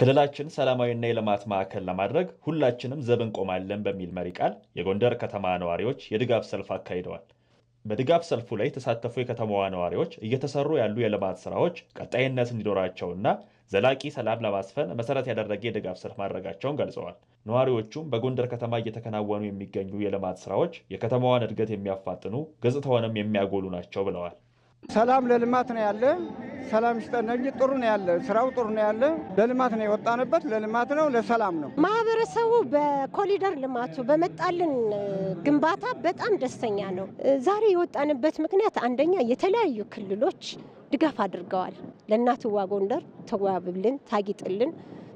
ክልላችን ሰላማዊና የልማት ማዕከል ለማድረግ ሁላችንም ዘብ እንቆማለን በሚል መሪ ቃል የጎንደር ከተማ ነዋሪዎች የድጋፍ ሰልፍ አካሂደዋል። በድጋፍ ሰልፉ ላይ የተሳተፉ የከተማዋ ነዋሪዎች እየተሰሩ ያሉ የልማት ስራዎች ቀጣይነት እንዲኖራቸውና ዘላቂ ሰላም ለማስፈን መሰረት ያደረገ የድጋፍ ሰልፍ ማድረጋቸውን ገልጸዋል። ነዋሪዎቹም በጎንደር ከተማ እየተከናወኑ የሚገኙ የልማት ስራዎች የከተማዋን እድገት የሚያፋጥኑ ገጽታውንም የሚያጎሉ ናቸው ብለዋል። ሰላም ለልማት ነው ያለ ሰላም ይስጠን እንጂ ጥሩ ነው ያለ ስራው ጥሩ ነው ያለ። ለልማት ነው የወጣንበት፣ ለልማት ነው፣ ለሰላም ነው። ማህበረሰቡ በኮሪደር ልማቱ በመጣልን ግንባታ በጣም ደስተኛ ነው። ዛሬ የወጣንበት ምክንያት አንደኛ የተለያዩ ክልሎች ድጋፍ አድርገዋል። ለእናትዋ ጎንደር ተዋብልን፣ ታጊጥልን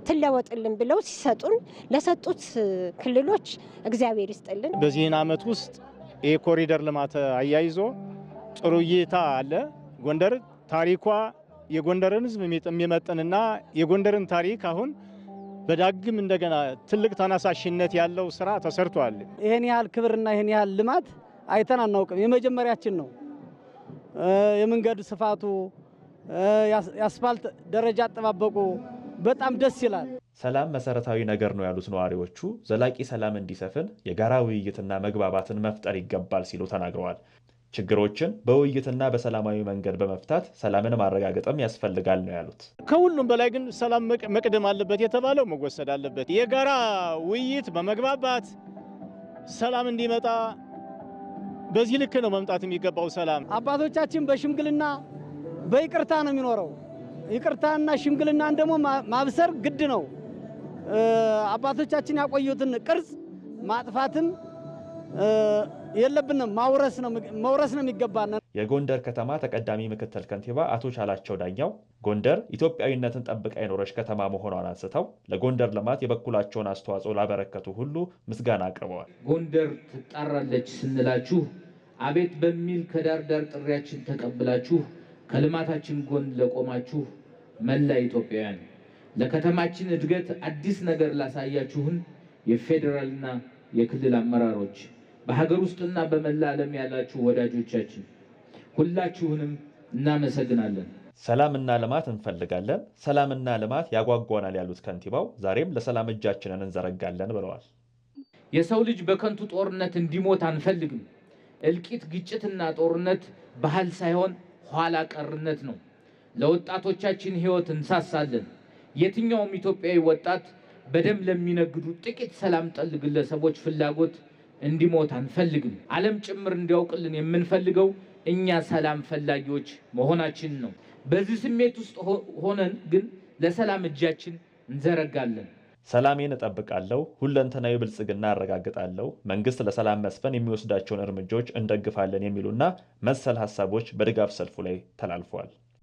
ትለወጥልን ብለው ሲሰጡን ለሰጡት ክልሎች እግዚአብሔር ይስጥልን። በዚህን አመት ውስጥ ኮሪደር ልማት አያይዞ ጥሩ እይታ አለ ጎንደር ታሪኳ የጎንደርን ህዝብ የሚመጥንና የጎንደርን ታሪክ አሁን በዳግም እንደገና ትልቅ ተነሳሽነት ያለው ስራ ተሰርቷል። ይህን ያህል ክብርና ይህን ያህል ልማት አይተን አናውቅም። የመጀመሪያችን ነው። የመንገድ ስፋቱ፣ የአስፋልት ደረጃ አጠባበቁ በጣም ደስ ይላል። ሰላም መሰረታዊ ነገር ነው ያሉት ነዋሪዎቹ ዘላቂ ሰላም እንዲሰፍን የጋራ ውይይትና መግባባትን መፍጠር ይገባል ሲሉ ተናግረዋል። ችግሮችን በውይይትና በሰላማዊ መንገድ በመፍታት ሰላምን ማረጋገጥም ያስፈልጋል ነው ያሉት። ከሁሉም በላይ ግን ሰላም መቅደም አለበት የተባለው መወሰድ አለበት። የጋራ ውይይት በመግባባት ሰላም እንዲመጣ በዚህ ልክ ነው መምጣት የሚገባው። ሰላም አባቶቻችን በሽምግልና በይቅርታ ነው የሚኖረው። ይቅርታና ሽምግልናን ደግሞ ማብሰር ግድ ነው። አባቶቻችን ያቆዩትን ቅርጽ ማጥፋትም የለብንም ማውረስ ነው መውረስ ነው የሚገባን። የጎንደር ከተማ ተቀዳሚ ምክትል ከንቲባ አቶ ቻላቸው ዳኛው ጎንደር ኢትዮጵያዊነትን ጠብቃ የኖረች ከተማ መሆኗን አንስተው ለጎንደር ልማት የበኩላቸውን አስተዋጽኦ ላበረከቱ ሁሉ ምስጋና አቅርበዋል። ጎንደር ትጣራለች ስንላችሁ አቤት በሚል ከዳር ዳር ጥሪያችን ተቀብላችሁ ከልማታችን ጎን ለቆማችሁ መላ ኢትዮጵያውያን ለከተማችን እድገት አዲስ ነገር ላሳያችሁን የፌዴራልና የክልል አመራሮች በሀገር ውስጥና በመላ ዓለም ያላችሁ ወዳጆቻችን ሁላችሁንም እናመሰግናለን። ሰላምና ልማት እንፈልጋለን፣ ሰላምና ልማት ያጓጓናል ያሉት ከንቲባው ዛሬም ለሰላም እጃችንን እንዘረጋለን ብለዋል። የሰው ልጅ በከንቱ ጦርነት እንዲሞት አንፈልግም። እልቂት፣ ግጭትና ጦርነት ባህል ሳይሆን ኋላ ቀርነት ነው። ለወጣቶቻችን ሕይወት እንሳሳለን። የትኛውም ኢትዮጵያዊ ወጣት በደም ለሚነግዱ ጥቂት ሰላም ጠል ግለሰቦች ፍላጎት እንዲሞት አንፈልግም። ዓለም ጭምር እንዲያውቅልን የምንፈልገው እኛ ሰላም ፈላጊዎች መሆናችን ነው። በዚህ ስሜት ውስጥ ሆነን ግን ለሰላም እጃችን እንዘረጋለን። ሰላሜን እጠብቃለሁ፣ ሁለንተናዊ ብልጽግና አረጋግጣለሁ፣ መንግስት ለሰላም መስፈን የሚወስዳቸውን እርምጃዎች እንደግፋለን የሚሉና መሰል ሀሳቦች በድጋፍ ሰልፉ ላይ ተላልፈዋል።